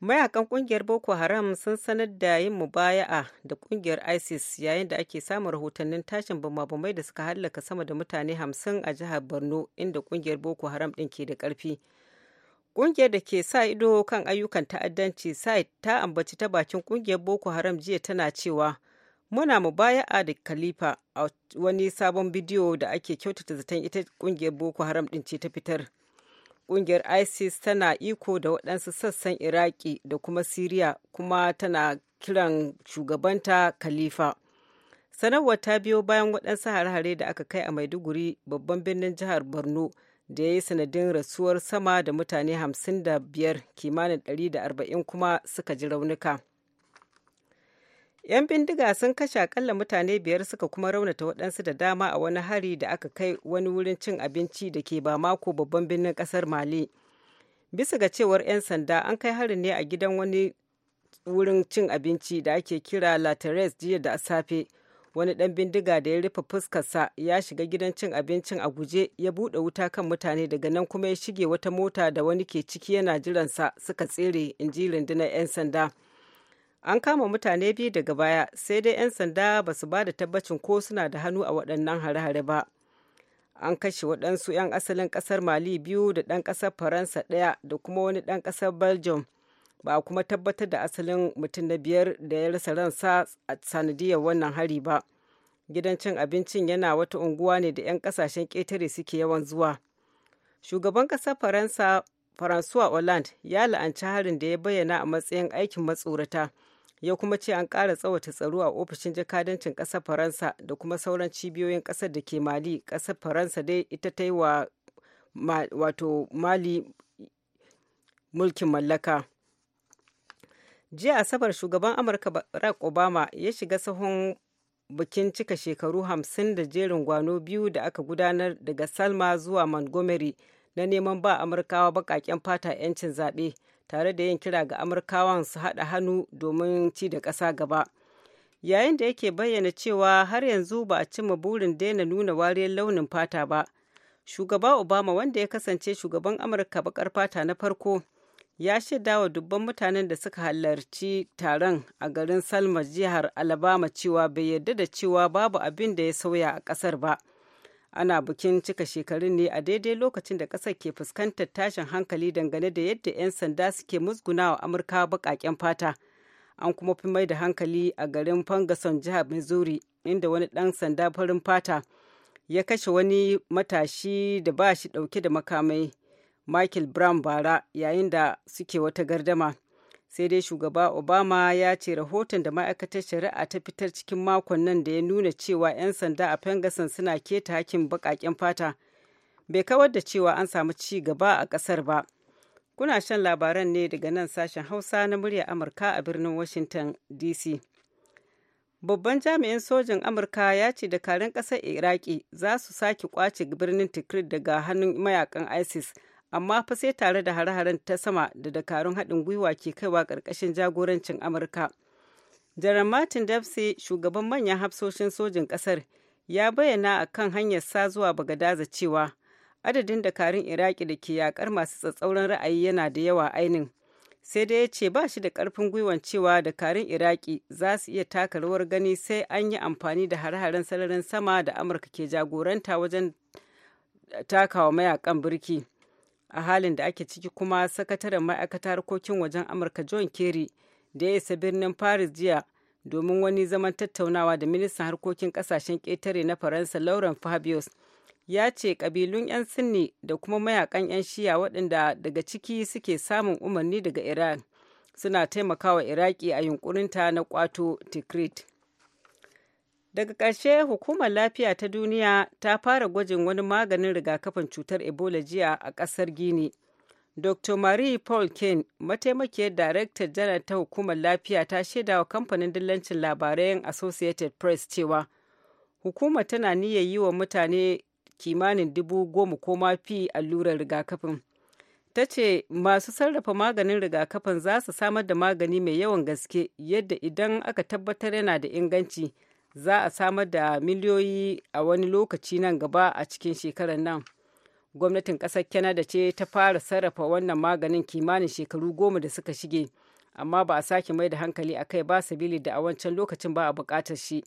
mayakan kungiyar boko haram sun sanar da yin mubaya'a da kungiyar isis yayin da ake samun rahotannin tashin bamabamai da suka hallaka sama da mutane hamsin a jihar borno inda kungiyar boko haram ɗin ke da karfi kungiyar da ke sa ido kan ayyukan ta'addanci site ta ambaci ta bakin kungiyar boko haram jiya tana cewa muna mubaya'a da khalifa a wani sabon bidiyo da ake kyautata zaton ita kungiyar boko haram ɗin ce ta fitar kungiyar isis tana iko da waɗansu sassan iraki da kuma siriya kuma tana kiran shugabanta khalifa sanarwar ta biyo bayan waɗansu hare-hare da aka kai a maiduguri babban birnin jihar borno da ya yi sanadin rasuwar sama da mutane 55 kimanin 140 kuma suka ji raunuka. 'Yan bindiga sun kashe akalla mutane biyar suka kuma raunata waɗansu da dama a wani hari da aka kai wani wurin cin abinci da ke ba mako babban birnin ƙasar Mali. Bisa ga cewar 'yan sanda an kai harin ne a gidan wani wurin cin abinci da ake kira La jiya da safe. Wani ɗan bindiga da ya rufe fuskarsa ya shiga gidan cin abincin a guje ya buɗe wuta kan mutane daga nan kuma ya shige wata mota da wani ke ciki yana jiransa suka tsere in ji rundunar 'yan sanda. an kama mutane biyu daga baya sai dai 'yan sanda ba su ba da tabbacin ko suna da hannu a waɗannan hare-hare ba an kashe waɗansu 'yan asalin ƙasar mali biyu da ɗan ƙasar faransa ɗaya da kuma wani ɗan ƙasar belgium ba a kuma tabbatar da asalin mutum na biyar da ya rasa ransa a sanadiyar wannan hari ba gidan cin abincin yana wata unguwa ne da 'yan ƙasashen ƙetare suke yawan zuwa shugaban ƙasar faransa faransuwa hollande ya la'anci harin da ya bayyana a matsayin aikin matsorata ya kuma ce an ƙara tsawata tsaro a ofishin jakadancin ƙasar faransa da kuma sauran cibiyoyin ƙasar da ke mali ƙasar faransa dai ita ta yi wa wato mali mulkin mallaka jiya asabar shugaban amurka barack obama ya shiga sahun bikin cika shekaru hamsin da jerin gwano biyu da aka gudanar daga salma zuwa montgomery na neman ba amurkawa baƙaƙen fata 'yancin zaɓe tare da yin kira ga amurkawan su haɗa hannu domin ci da ƙasa gaba yayin da yake bayyana cewa har yanzu ba a cimma burin daina nuna wariyar launin fata ba shugaba obama wanda ya kasance shugaban amurka baƙar fata na farko ya wa dubban mutanen da suka halarci taron a garin salma jihar alabama cewa bai yarda da cewa babu abin da ya sauya a ƙasar ba ana bikin cika shekarun ne a daidai lokacin da ƙasar ke fuskantar tashin hankali dangane da yadda 'yan sanda suke musguna wa amurka baƙaƙen fata an kuma fi mai da hankali a garin fangason jihar missouri inda wani ɗan sanda farin fata ya kashe wani matashi da ba shi ɗauke da makamai michael brown bara yayin da suke wata gardama sai dai shugaba obama ya ce rahoton da ma'aikatar shari'a ta fitar cikin makon nan da ya nuna cewa 'yan sanda a ferguson suna keta hakkin baƙaƙen fata bai kawar da cewa an samu ci gaba a ƙasar ba kuna shan labaran ne daga nan sashen hausa na murya amurka a birnin washington dc babban jami'in sojan amurka ya ce dakarun ƙasar iraki za su sake kwace birnin tikrit daga hannun mayakan isis amma fa sai tare da hare-haren ta sama da dakarun haɗin gwiwa ke kaiwa ƙarƙashin jagorancin amurka jaran martin dempsey shugaban manyan hafsoshin sojin ƙasar ya bayyana a kan hanyar sa zuwa bagadaza cewa adadin dakarun iraki da ke yakar masu tsatsauran ra'ayi yana da yawa ainin sai dai ya ce ba shi da ƙarfin gwiwan cewa dakarun iraki za su iya taka rawar gani sai an yi amfani da hare-haren sararin sama da amurka ke jagoranta wajen takawa mayakan birki a halin da ake ciki kuma sakataren ma'aikatar harkokin wajen amurka john kerry da ya isa birnin paris jiya domin wani zaman tattaunawa da ministan harkokin kasashen ƙetare na faransa lauren fabius ya ce ƙabilun 'yan sinni da kuma mayakan 'yan shiya waɗanda daga ciki suke samun umarni daga iran suna taimakawa iraki a yunkurinta na kwato tikrit daga ƙarshe hukumar lafiya ta duniya ta fara gwajin wani maganin rigakafin cutar ebola jiya a ƙasar gini dr marie paul kane mataimakiyar daraktar janar ta hukumar lafiya ta shaida wa kamfanin dillancin Labarai associated press cewa hukuma tana niyyar yi wa mutane kimanin dubu goma ko mafi allurar rigakafin ta ce masu sarrafa maganin rigakafin za su samar da magani mai yawan gaske yadda idan aka tabbatar yana da inganci za a samar da miliyoyi a wani lokaci nan gaba a cikin shekarar nan gwamnatin ƙasar canada ce ta fara sarrafa wannan maganin kimanin shekaru goma da suka shige amma ba a sake mai da hankali a kai ba sabili da a wancan lokacin ba a buƙatar shi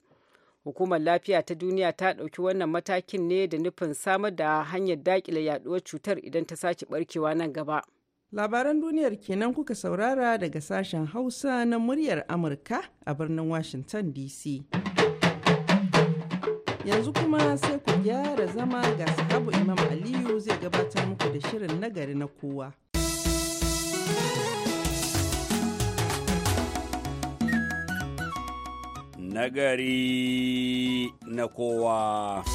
hukumar lafiya ta duniya ta ɗauki wannan matakin ne da nufin samar da hanyar daƙile yaɗuwar cutar idan ta sake barkewa nan gaba labaran duniyar kenan kuka saurara daga sashen hausa na muryar amurka a birnin washington dc Yanzu kuma sai ku gyara zama ga sahabu Imam Aliyu zai gabatar muku da shirin nagari na kowa. Nagari na kowa.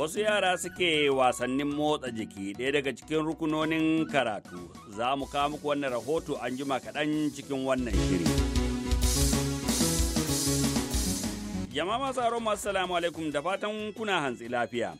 wasu yara suke wasannin motsa jiki ɗaya daga cikin rukunonin karatu za mu kawo muku wannan rahoto an jima kaɗan cikin wannan shiri jama'a masu aron masu salamu alaikum da fatan kuna hantsi lafiya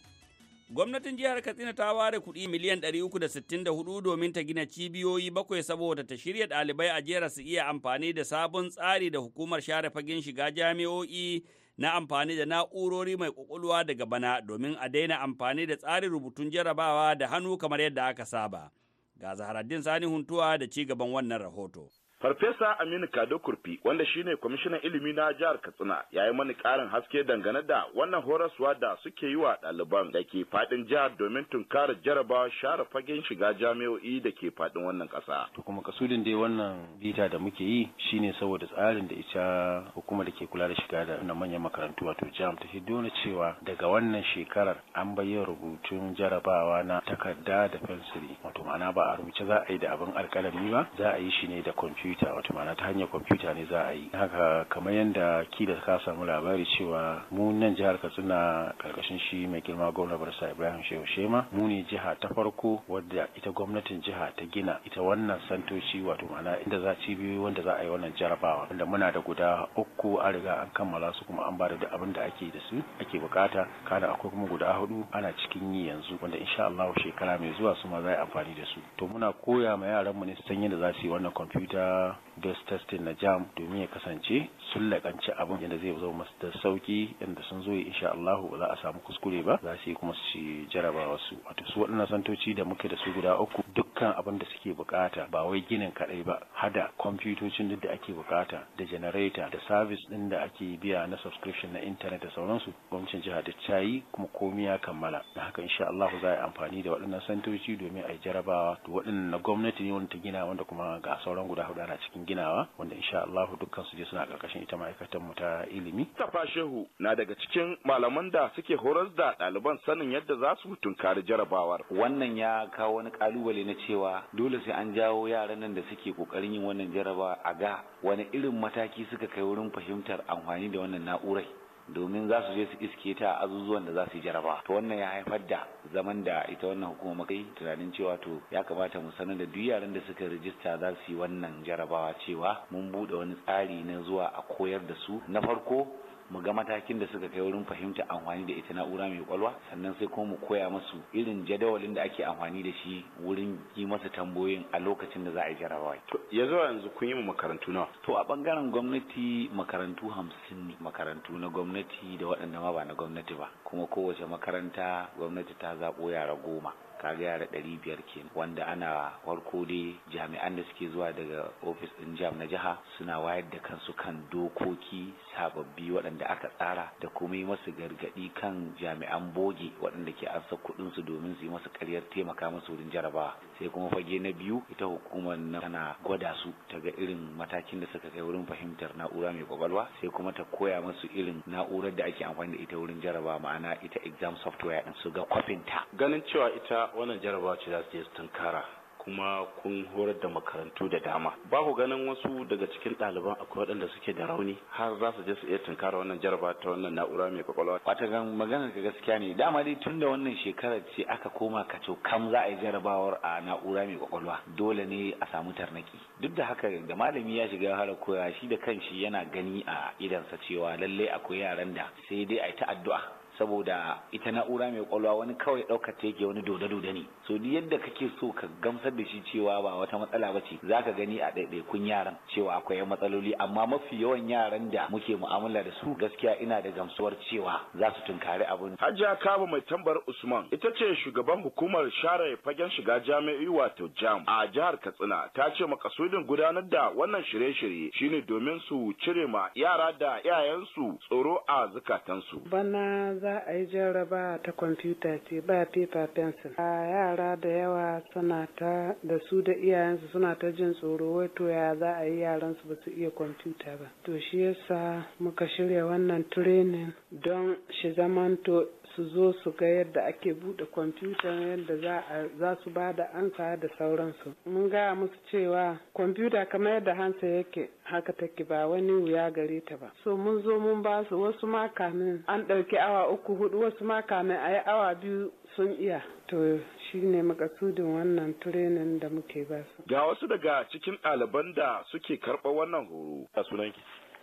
gwamnatin jihar katsina ta ware kuɗi miliyan 364 domin ta gina cibiyoyi bakwai saboda ta shirya ɗalibai a jera su iya amfani da sabon tsari da hukumar share fagen shiga jami'o'i na amfani da na'urori mai ƙwaƙwalwa daga bana domin a daina amfani da tsarin rubutun jarabawa da hannu kamar yadda aka saba. Ga zaharaddin Sani Huntuwa da ci gaban wannan rahoto. Farfesa Aminu Kado Kurfi wanda shine kwamishinan ilimi na jihar Katsina ya yi mani ƙarin haske dangane da wannan horaswa da suke yi wa ɗaliban da ke faɗin jihar domin tunkarar jaraba share fagen shiga jami'o'i da ke faɗin wannan ƙasa. To kuma kasudin dai wannan bita da muke yi shine saboda tsarin da ita hukumar da ke kula da shiga da na manyan makarantu wato jam ta dole cewa daga wannan shekarar an bayyana rubutun jarabawa na takarda da fensiri wato ma'ana ba a rubuce za a yi da abin alƙalami ba za a yi shi ne da kwamfuta kwamfuta wato ma'ana ta hanyar kwamfuta ne za a yi haka kamar yadda ki da ka samu labari cewa mu nan jihar katsina karkashin shi mai girma gwamnan barsa ibrahim shehu shema mu ne jiha ta farko wadda ita gwamnatin jiha ta gina ita wannan santoci wato ma'ana inda za biyu wanda za a yi wannan jarabawa wanda muna da guda uku an riga an kammala su kuma an bada da abin da ake da su ake bukata kana akwai kuma guda hudu ana cikin yi yanzu wanda insha Allah shekara mai zuwa su ma za a yi amfani da su to muna koya ma yaran mu ne su san yadda za su yi wannan kwamfuta ta gas testing na jam domin ya kasance sun lakanci abin yadda zai zo masu da sauki yadda sun zo insha Allahu ba za a samu kuskure ba za su yi kuma su jaraba wasu wato su waɗannan santoci da muke da su guda uku dukkan abin da suke bukata ba wai ginin kaɗai ba hada kwamfutocin duk da ake bukata da generator da service ɗin da ake biya na subscription na intanet da sauransu gwamnatin jiha da ta yi kuma komi ya kammala da haka insha Allahu za a yi amfani da waɗannan santoci domin a yi jarabawa to waɗannan gwamnati ne wanda ta gina wanda kuma ga sauran guda huɗu ana cikin ginawa wanda insha Allah dukkan su je suna karkashin ita ma'aikatan mu ta ilimi. Tafa Shehu na daga cikin malaman da suke horar da ɗaliban sanin yadda za su tunkari jarabawar. Wannan ya kawo wani kalubale na cewa dole sai an jawo yaran nan da suke kokarin yin wannan jarabawa a ga wani irin mataki suka kai wurin fahimtar amfani da wannan na'urai. domin za su je su iske ta a azuzuwan da za su jaraba to wannan ya haifar da zaman da ita wannan hukuma kai tunanin cewa to ya kamata mu sanar da duk yaran da suka rijista za su yi wannan jarabawa cewa mun buɗe wani tsari na zuwa a koyar da su na farko mu ga matakin da suka kai wurin fahimta amfani da ita na'ura mai kwalwa sannan sai kuma mu koya masu irin jadawalin da ake amfani da shi wurin yi masa tambayoyin a lokacin da za a yi jarabawa ya zuwa yanzu kun yi makarantu nawa to a bangaren gwamnati makarantu hamsin makarantu na gwamnati da waɗanda ma ba na gwamnati ba kuma kowace makaranta gwamnati ta zaɓo yara goma kaga yara ɗari biyar kenan. wanda ana farko dai jami'an da suke zuwa daga ofis ɗin jam na jiha suna wayar da kansu kan dokoki sababbi waɗanda aka tsara da kuma yi masu gargaɗi kan jami'an boge waɗanda ke ansa su domin su yi masu ƙaryar taimaka masu wurin jarabawa sai kuma fage na biyu ita hukumar nan tana gwada su ta ga irin matakin da suka kai wurin fahimtar na'ura mai kwakwalwa sai kuma ta koya musu irin na'urar da ake amfani da ita wurin jarabawa ma'ana ita exam software ɗin su ga kwafinta ganin cewa ita wannan jarabawa ce za su je su tunkara kuma kun horar da makarantu da dama ba ku ganin wasu daga cikin ɗaliban akwai waɗanda suke da rauni har za su je su iya tunkara wannan jaraba ta wannan na'ura mai kwakwalwa wata gan maganar ka gaskiya ne dama dai tun da wannan shekarar ce aka koma kaco kam za a yi jarabawar a na'ura mai kwakwalwa dole ne a samu tarnaki duk da haka da malami ya shiga har koya shi da kanshi yana gani a idansa cewa lallai akwai yaran da sai dai a yi ta addu'a saboda ita na'ura mai kwalwa wani kawai ɗaukar ta yake wani doda dodo ne so ni yadda kake so ka gamsar da shi cewa ba wata matsala ba ce zaka gani a ɗaiɗaikun yaran cewa akwai matsaloli amma mafi yawan yaran da muke mu'amala da su gaskiya ina da gamsuwar cewa za su tunkari abin hajiya Kaba mai tambar usman ita ce shugaban hukumar share fagen shiga jami'i wato jam a jihar katsina ta ce makasudin gudanar da wannan shirye-shirye shine domin su cire ma yara da iyayensu tsoro a zukatansu bana za za a yi jarraba ta kwamfuta ce ba paper pencil a yara da yawa suna ta da su da iyayensu suna ta jin tsoro wai to ya za a yi yaran su ba su iya kwamfuta ba to shi yasa muka shirya wannan training don shi zamanto su zo su ga yadda ake buɗe kwamfuta yadda za su ba da ansa da sauransu mun gaya musu cewa kwamfuta kamar yadda hansa yake haka take ba wani wuya gare ta ba so mun zo mun ba su wasu makamin an ɗauki awa uku hudu wasu makamin a yi awa biyu sun iya to shine makasudin wannan training da muke ba su ga wasu daga cikin ɗaliban da suke karɓar wannan horo a sunanki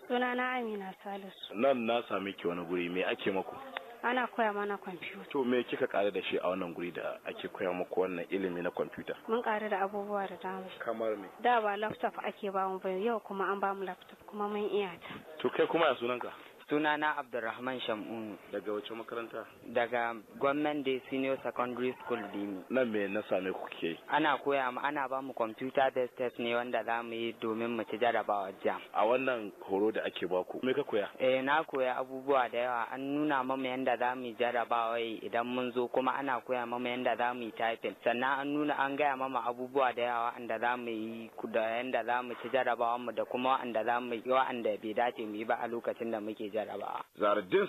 sunana amina salisu nan na sami ki wani guri me ake maku ana koya mana kwamfuta to me kika ƙara da shi a wannan guri da ake koya muku wannan ilimi na kwamfuta mun ƙara da abubuwa da dama kamar me da ba laptop ake ba mu yau kuma an ba mu laptop kuma mun iya ta to kai kuma ya sunanka Sunana Abdulrahman Shamunu. Daga wace makaranta? Daga Gwamnan Day Senior Secondary School dini Nan me na same kuke Ana koya mu ana ba mu computer based test ne wanda za mu yi domin mu ci jarabawa jam. A wannan horo da ake baku, me ka koya? Eh na koya abubuwa da yawa an nuna mamu yanda za mu yi jarabawa idan mun zo kuma ana koya mamu yanda za mu yi typing. Sannan an nuna an gaya mama abubuwa da yawa wanda za mu yi da yanda za mu ci jarabawa mu da kuma wanda za mu yi wanda bai dace mu yi ba a lokacin da muke jaraba.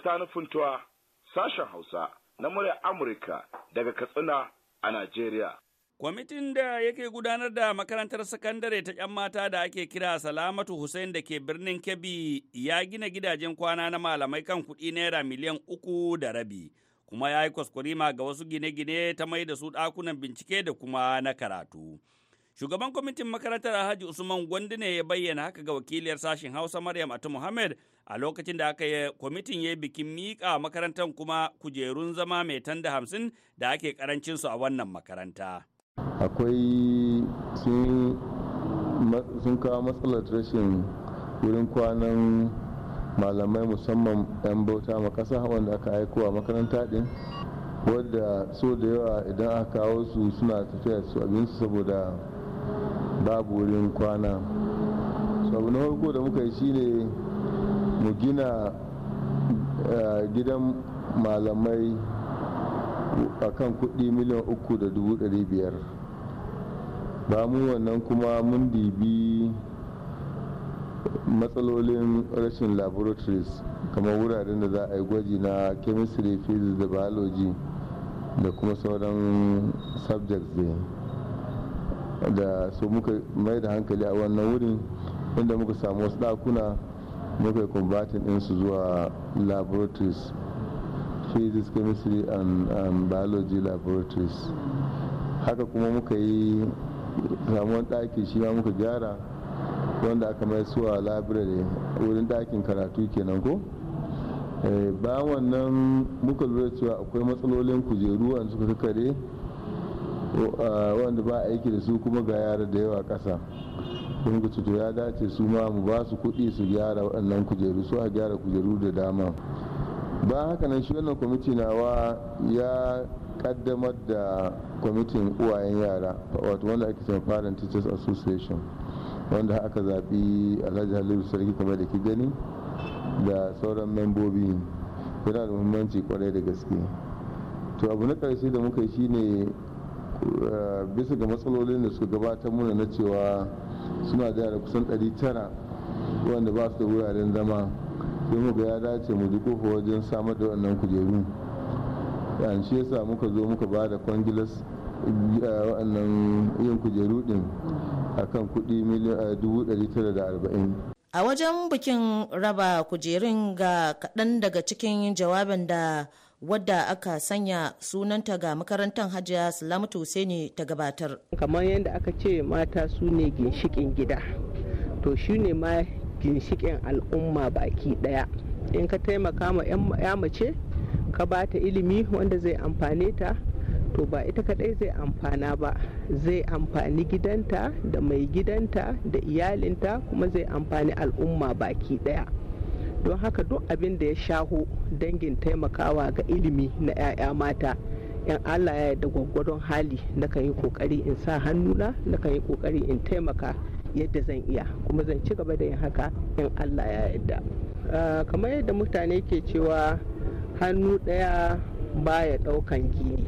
Sani Funtuwa, sashen Hausa na murya Amurka daga Katsina a Najeriya. Kwamitin da yake gudanar da makarantar sakandare ta ‘yan mata da ake kira Salamatu Hussein da ke birnin Kebbi ya gina gidajen kwana na malamai kan kuɗi naira miliyan uku da rabi, kuma ya yi kwaskwarima ga wasu gine-gine ta mai da su ɗakunan bincike da kuma na karatu. Shugaban kwamitin makarantar Alhaji Usman Gwandu ne ya bayyana haka ga wakiliyar sashen Hausa Maryam Atu Muhammad a lokacin da aka yi kwamitin ya bikin miƙa makarantar kuma kujerun zama mai tanda hamsin da ake karancin su a wannan makaranta. Akwai sun kawo matsalar rashin wurin kwanan malamai musamman 'yan bauta makasa ƙasa wanda aka aiko a makaranta din wadda so da yawa idan aka kawo su suna tafiya su abinsu saboda babu wurin kwana sabu na farko da muka yi shine mu gina eh, gidan malamai a kan kudi miliyan uku da dubu dari biyar ba mu wannan kuma mun dibi matsalolin rashin laboratories kamar wuraren da za a yi gwaji na chemistry physics da biology da kuma sauran subjects dai da su muka mai da hankali a wannan wurin inda muka samu wasu ɗakuna muka yi kumbatin ɗinsu zuwa laboratories physics chemistry and, biology laboratories haka kuma muka yi samuwan ɗaki shi ma muka gyara wanda aka mai suwa library wurin ɗakin karatu kenan ko eh, bayan wannan muka lura cewa akwai matsalolin kujeru a suka kare wanda ba aiki da su kuma ga yara da yawa kasa kun to ya dace su ma mu ba su kuɗi su gyara waɗannan kujeru su a gyara kujeru da dama ba haka nan shi wannan kwamiti nawa ya kaddamar da kwamitin uwayen yara wato wanda ake cewa parent teachers association wanda aka zaɓi alhaji halilu sarki kamar da ke gani da sauran membobi yana da muhimmanci kwarai da gaske to abu na ƙarshe da muka yi shine Eh, bisa ga matsalolin da suka gabatar muna na cewa suna da yara kusan 900 wanda ba su da wuraren zama sai muka ya dace mu ji kofa wajen samar da wannan kujeru yan shi yasa muka zo muka ba da kwangilas eh, wannan yin kujeru din akan kuɗi miliyan 940 eh, a wajen bikin raba kujerun ga kaɗan daga cikin jawabin da wadda aka sanya sunanta ga makarantar hajiya salamatu Hussaini ta gabatar. Kamar yadda aka ce mata su ne ginshikin gida, to shi ne ma ginshikin al'umma baki ɗaya. In ka taimaka ma 'ya mace, ka ba ta ilimi wanda zai amfane ta, to ba ita kadai zai amfana ba zai amfani gidanta da mai gidanta da iyalinta kuma zai amfani al'umma baki daya. don haka duk abin da ya shaho dangin taimakawa ga ilimi na 'ya'ya mata yan allah ya yarda gwaggwadon hali na kan yi kokari in sa hannuna na kan yi kokari in taimaka yadda zan iya kuma zan ci gaba da yin haka in allah ya yarda ah, kamar yadda mutane ke cewa hannu ɗaya baya ɗaukan gini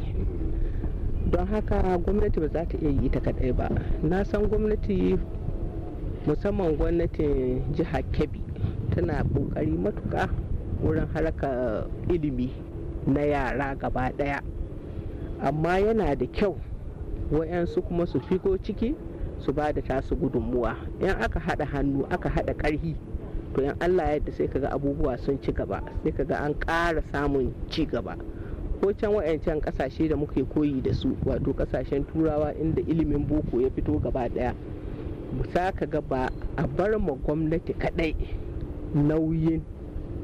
don haka gwamnati ba za ta iya yi ta kaɗai ba na san gwamnati musamman gwamnatin jihar kebbi tana ƙoƙari matuka wurin haraka ilimi na yara gaba ɗaya amma yana da kyau wayansu kuma su fiko ciki su ba da tasu gudunmuwa in aka haɗa hannu aka haɗa karhi to in allah yadda sai kaga abubuwa sun ci gaba sai kaga an ƙara samun ci gaba ko can wayancan ƙasashe da muke koyi da su wato ƙasashen turawa inda ilimin boko ya fito gaba ɗaya ka ga ba a bar ma gwamnati kaɗai nauyin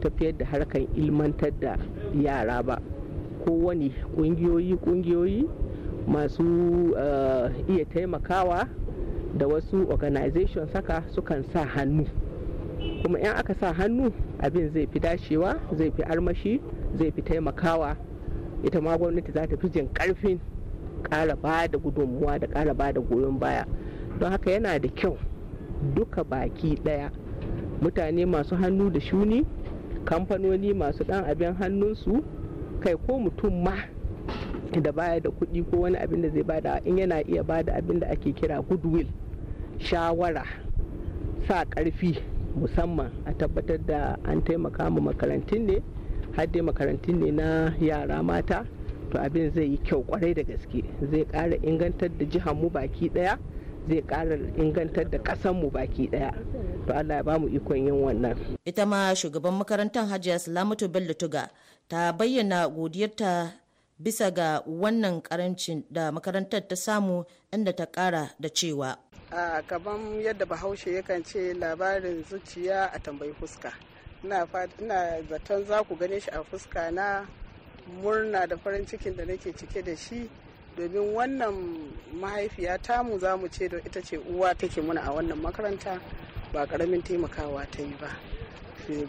tafiyar da harkar ilmantar da yara ba kowane kungiyoyi-kungiyoyi masu eh, iya taimakawa da wasu organization saka sukan sa hannu kuma in aka sa hannu abin zai fi dacewa zai fi armashi zai fi taimakawa ita ma gwamnati za ta fi jin karfin kara ba da gudunmuwa da kara ba da goyon baya don haka yana da kyau duka baki daya mutane masu hannu da shuni kamfanoni masu dan abin hannunsu kai ko mutum ma da baya da kuɗi ko wani abin da zai bada in yana iya bada abin da ake kira goodwill shawara sa karfi musamman a tabbatar da an taimaka mu makarantun ne har dai makarantun ne na yara mata to abin zai yi kyau kwarai da gaske zai kara ingantar da jihar mu baki ɗaya zai kara ingantar da ƙasar mu baki ɗaya to Allah ya ba mu ikon yin wannan ita ma shugaban makarantar Hajiya Salamatu Bello Tuga ta bayyana godiyarta bisa ga wannan karancin da makarantar ta samu inda ta kara da cewa a gaban yadda bahaushe yakan ce labarin zuciya a tambayi fuska ina zaton za ku gane shi a fuska na murna da farin cikin da nake cike da shi domin wannan mahaifiya tamu za mu ce da ita ce uwa take muna a wannan makaranta ba karamin taimakawa ta yi ba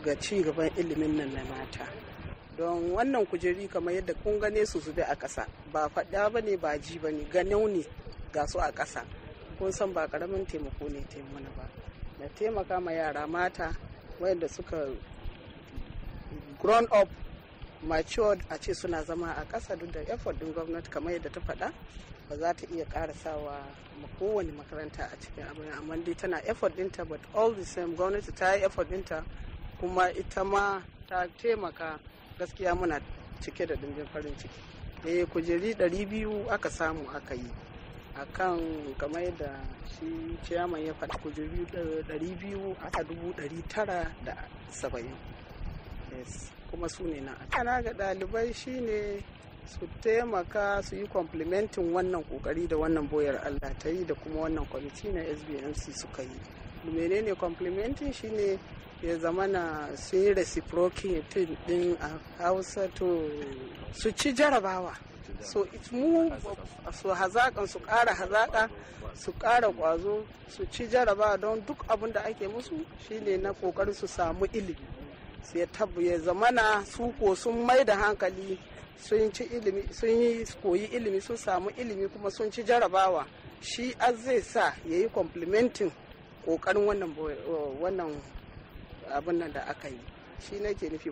ga ci gaban ilimin nan na mata don wannan kujeri kamar yadda kun gane su zube a ƙasa ba faɗa ba ne ba ji ba ne ganin ne ga su a ƙasa kun san ba karamin taimako ne taimuna ba da taimaka ma yara mata wayanda suka grown up matured a ce suna zama a ƙasa duk da effort din gwamnati kamar yadda ta faɗa ba za ta iya karasawa ma kowane makaranta a cikin abin amma dai tana effort dinta but all the same gwamnati ta yi effort dinta kuma ita ma ta taimaka gaskiya muna cike da dimbin farin ciki eh kujeri 200 aka samu aka yi akan kamar da shi ciyaman ya faɗi kujeru 200 aka 970 yes kuma su ne na ana ga ɗalibai shine su taimaka su yi complimentin wannan kokari da wannan boyar allah ta yi da kuma wannan kwamiti na sbmc suka yi menene complimentin shine ya zama na sun yi reciprocating din a hausa to su ci jarabawa so mu su hazaƙan su ƙara hazaƙa su ƙara ƙwazo su ci jarabawa don duk abin da ake musu shine na ƙoƙarin su samu ilimi sai ya zamana su ko sun mai da hankali sun ilimi sun yi koyi ilimi sun samu ilimi kuma sun ci jarabawa shi az zai sa ya yi complimenting kokarin wannan wannan abin nan da aka yi shi nake nufi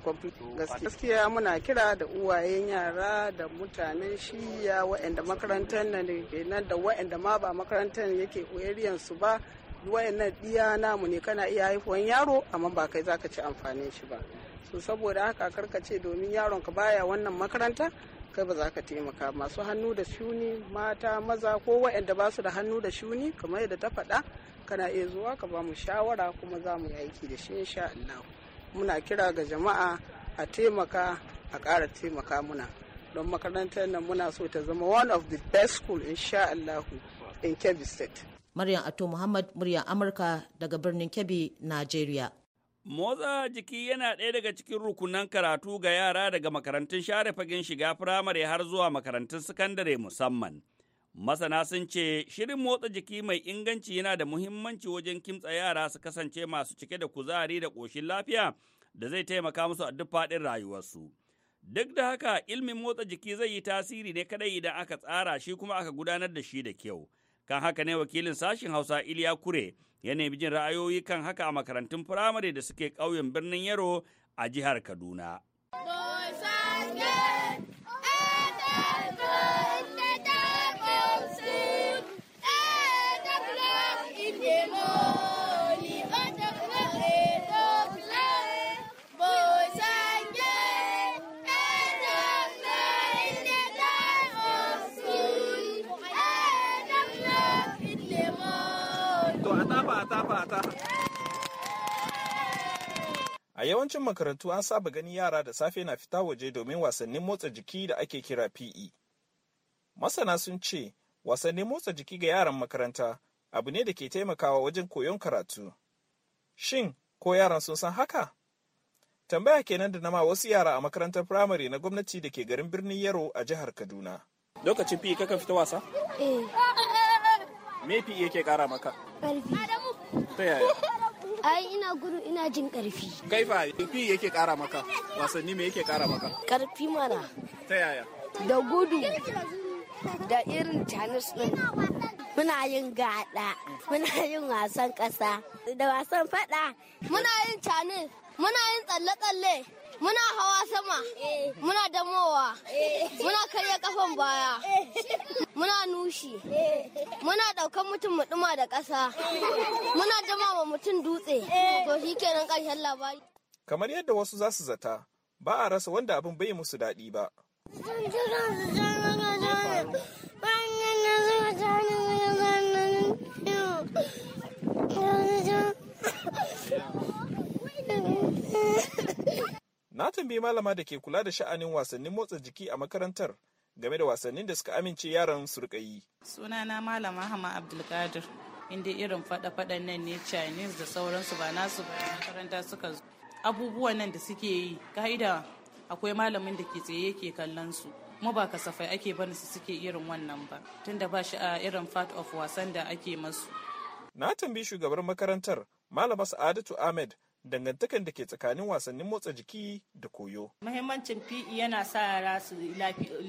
gaskiya muna kira da uwayen yara da mutanen shiya waɗanda makarantar nan ke da waɗanda ma ba makarantar yake koyariyar su ba waɗannan ɗiya namu ne kana iya haifuwan yaro amma ba kai zaka ci amfanin shi ba so saboda haka karka ce domin yaron ka baya wannan makaranta kai ba za ka taimaka masu hannu da shuni mata maza ko waɗanda ba su da hannu da shuni kamar yadda ta faɗa kana iya zuwa ka ba mu shawara kuma za mu yi aiki da shi insha Allah muna kira ga jama'a a taimaka a ƙara taimaka muna don makarantar nan muna so ta zama one of the best school insha Allah in Kebbi State. Maryam Ato Muhammad murya Amurka daga birnin Kebbi, nigeria. Motsa jiki yana ɗaya daga cikin rukunan karatu ga yara daga makarantun share fagen shiga firamare har zuwa makarantun sakandare musamman. Masana sun ce shirin motsa jiki mai inganci yana da muhimmanci wajen kimtsa yara su kasance masu cike da kuzari da ƙoshin lafiya da zai taimaka musu a duk faɗin rayuwarsu. Duk da haka ilmin motsa jiki zai yi tasiri ne kadai idan aka tsara shi kuma aka gudanar da shi da kyau. Kan haka ne wakilin sashen Hausa Iliya Kure ya nemi jin ra'ayoyi kan haka a makarantun firamare da suke ƙauyen birnin Yaro a jihar Kaduna. A yawancin makarantu an saba gani yara da safe na fita waje domin wasannin motsa jiki da ake kira PE. Masana sun ce wasannin motsa jiki ga yaran makaranta abu ne da ke taimakawa wajen koyon karatu. Shin ko yaran sun san haka? Tambaya kenan da nama wasu yara a makarantar firamare na gwamnati da ke garin birnin Yaro a jihar Kaduna. Lokacin PE kakan fita wasa? Eh. Me PE yake kara maka? Ƙarfi. Ta yaya? Ai ina gudu ina jin karfi. Kai fa karfi yake kara maka wasanni me yake kara maka? Karfi mana. Ta yaya? Da gudu. Da irin tennis din. Muna yin gada, muna yin wasan kasa, da wasan fada. Muna yin tennis, muna yin tsalle-tsalle. Muna hawa sama, muna damowa, muna karya kafan baya, muna nushi, muna ɗaukan mutum mu da ƙasa, muna dama wa mutum dutse, to shi kenan ƙarshen labari. Kamar yadda wasu za su zata, ba a rasa wanda abin bai musu daɗi ba. tambayi malama da ke kula da sha'anin wasannin motsa jiki a makarantar game da wasannin da suka amince yaran su rika yi. Sunana malama Hama Abdulkadir. Inda irin faɗa-faɗan nan ne Chinese da sauransu ba nasu ba makaranta suka zo. Abubuwan nan da suke yi ka'ida akwai malamin da ke tsaye yake kallon su. mu ba kasafai ake barin su suke irin wannan ba. Tunda ba shi a irin part of wasan da ake masu. Na tambayi shugabar makarantar Malama Sa'adatu Ahmed dangantakan da ke tsakanin wasannin motsa jiki da koyo. Muhimmancin PE yana sa yara su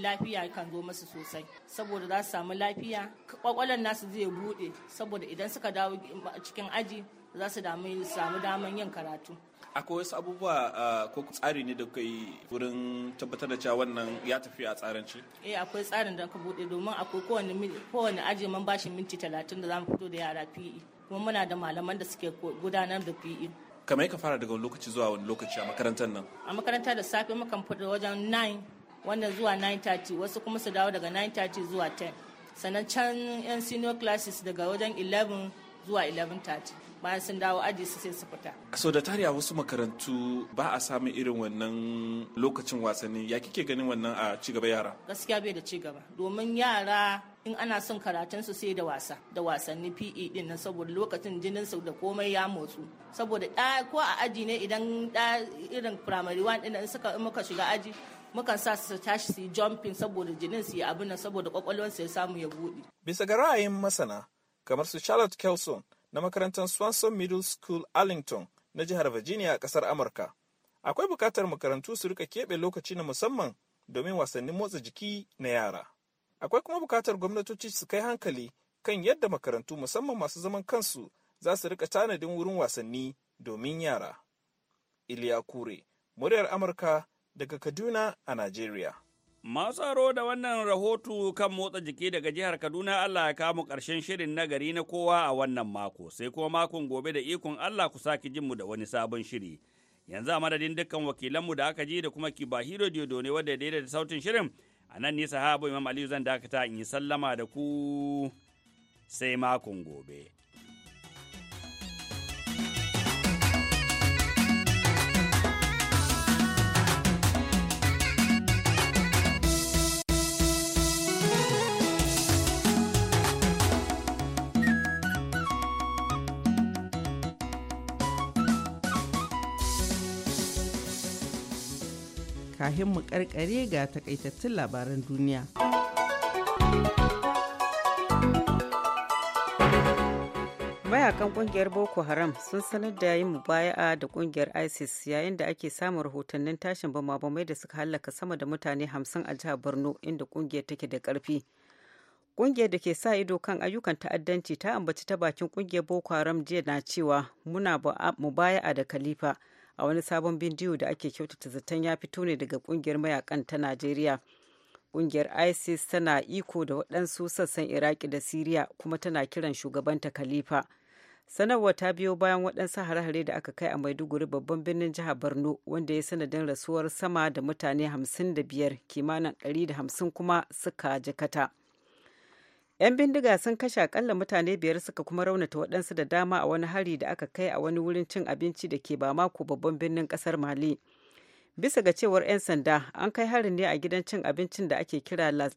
lafiya kan zo masu sosai saboda za su samu lafiya kwakwalan nasu zai bude saboda idan suka dawo cikin aji za su samu daman yin karatu. Akwai wasu abubuwa ko tsari ne da kuka yi wurin tabbatar da cewa wannan ya tafi a ci. Eh akwai tsarin da aka bude domin akwai kowane aji man bashi minti talatin da za mu fito da yara PE kuma muna da malaman da suke gudanar da PE. kamar ka fara daga wani lokaci zuwa wani lokaci a makarantar nan a makaranta da safe mukan fita wajen 9 wanda zuwa 9:30 wasu kuma su dawo daga 9:30 zuwa 10 sannan can yan senior classes daga wajen 11 zuwa 11:30 bayan sun dawo aji su sai su fita so da tare a wasu makarantu ba a samun irin wannan lokacin wasanni ya kike ganin wannan a cigaba yara gaskiya bai da cigaba domin yara in ana son karatun su sai da wasa da wasanni PE din nan saboda lokacin jinin da komai ya motsu saboda ko a aji ne idan da irin primary one din in suka muka shiga aji muka sa su tashi su yi jumping saboda jinin su yi abin nan saboda kwakwalwar su ya samu ya bude. Bisa ga ra'ayin masana kamar su Charlotte Kelson na makarantar Swanson Middle School Arlington na jihar Virginia a kasar Amurka. Akwai bukatar makarantu su rika keɓe lokaci na musamman domin wasannin motsa jiki na yara. Akwai kuma bukatar gwamnatoci su kai hankali kan yadda makarantu musamman masu zaman kansu za su rika tanadin wurin wasanni domin yara. Iliya Kure, muryar Amurka daga Kaduna a Najeriya. Masu tsaro da wannan rahoto kan motsa jiki daga jihar Kaduna Allah ya kamu ƙarshen shirin na gari na kowa a wannan mako, sai kuma makon gobe da ikon Allah ku sake jinmu da wani sabon shiri. Yanzu a madadin dukkan wakilanmu da aka ji da kuma Kibahiro Diodo ne wadda ya da sautin shirin, a nan ne sahabo Imam Aliyu zan dakata in yi sallama da ku sai makon gobe. kahin mu karkare ga takaitattun labaran duniya. mayakan kungiyar boko haram sun sanar da yin mubaya'a da kungiyar isis yayin da ake samun rahotannin tashin bamai da suka hallaka sama da mutane hamsin a jihar borno inda kungiyar take da karfi kungiyar da ke sa ido kan ayyukan ta'addanci ta ambaci ta bakin kungiyar boko haram jiya na cewa muna mubaya'a da khalifa a wani sabon bidiyo da ake kyautata zaton ya fito ne daga kungiyar mayakan ta najeriya kungiyar isis tana iko da waɗansu sassan iraki da siriya kuma tana kiran shugabanta khalifa sanarwa ta biyo bayan waɗansu hare-hare da aka kai a maiduguri babban birnin jihar borno wanda ya sanadin rasuwar sama da mutane 55 kimanin 150 kuma suka jakata. 'Yan bindiga sun kashe akalla mutane biyar suka kuma raunata waɗansu da dama a wani hari da aka kai a wani wurin cin abinci da ke ba mako babban birnin ƙasar Mali. Bisa ga cewar 'yan sanda, an kai harin ne a gidan cin abincin da ake kira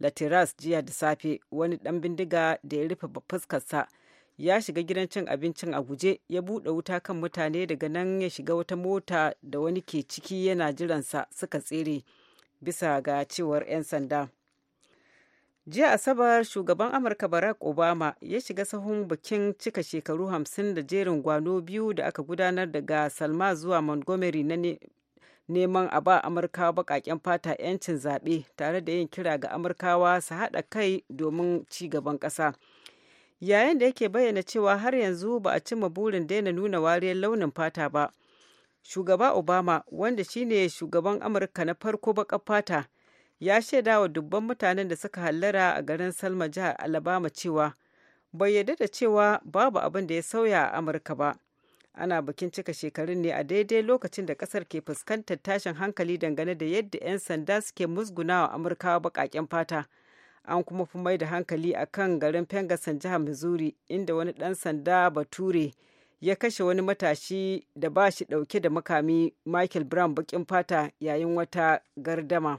Latiras jiya da safe, wani ɗan bindiga da ya rufe fuskarsa. Ya shiga gidan cin abincin a guje, ya buɗe wuta kan mutane daga nan ya shiga wata mota da wani ke ciki yana jiransa suka tsere. Bisa ga cewar 'yan sanda. jiya asabar shugaban amurka barack obama ya shiga sahun bikin cika shekaru hamsin da jerin gwano biyu da aka gudanar daga salma zuwa montgomery na neman a ba amurkawa bakaken fata 'yancin zaɓe tare da yin kira ga amurkawa su haɗa kai domin ci gaban ƙasa yayin da yake bayyana cewa har yanzu ba a cimma burin daina nuna wariyar launin fata ba shugaba obama wanda shine shugaban amurka na farko baƙar fata ya shaida wa dubban mutanen da suka hallara a garin Salma jihar Alabama cewa bai yarda da cewa babu abin da ya sauya a Amurka ba. Ana bikin cika shekarun ne a daidai lokacin da kasar ke fuskantar tashin hankali dangane da yadda 'yan sanda suke musguna musgunawa amurka baƙaƙen fata. An kuma fi mai da hankali a kan garin fengasan jihar Missouri inda wani dan sanda Bature ya kashe wani matashi da ba shi ɗauke da makami Michael Brown bakin fata yayin wata gardama.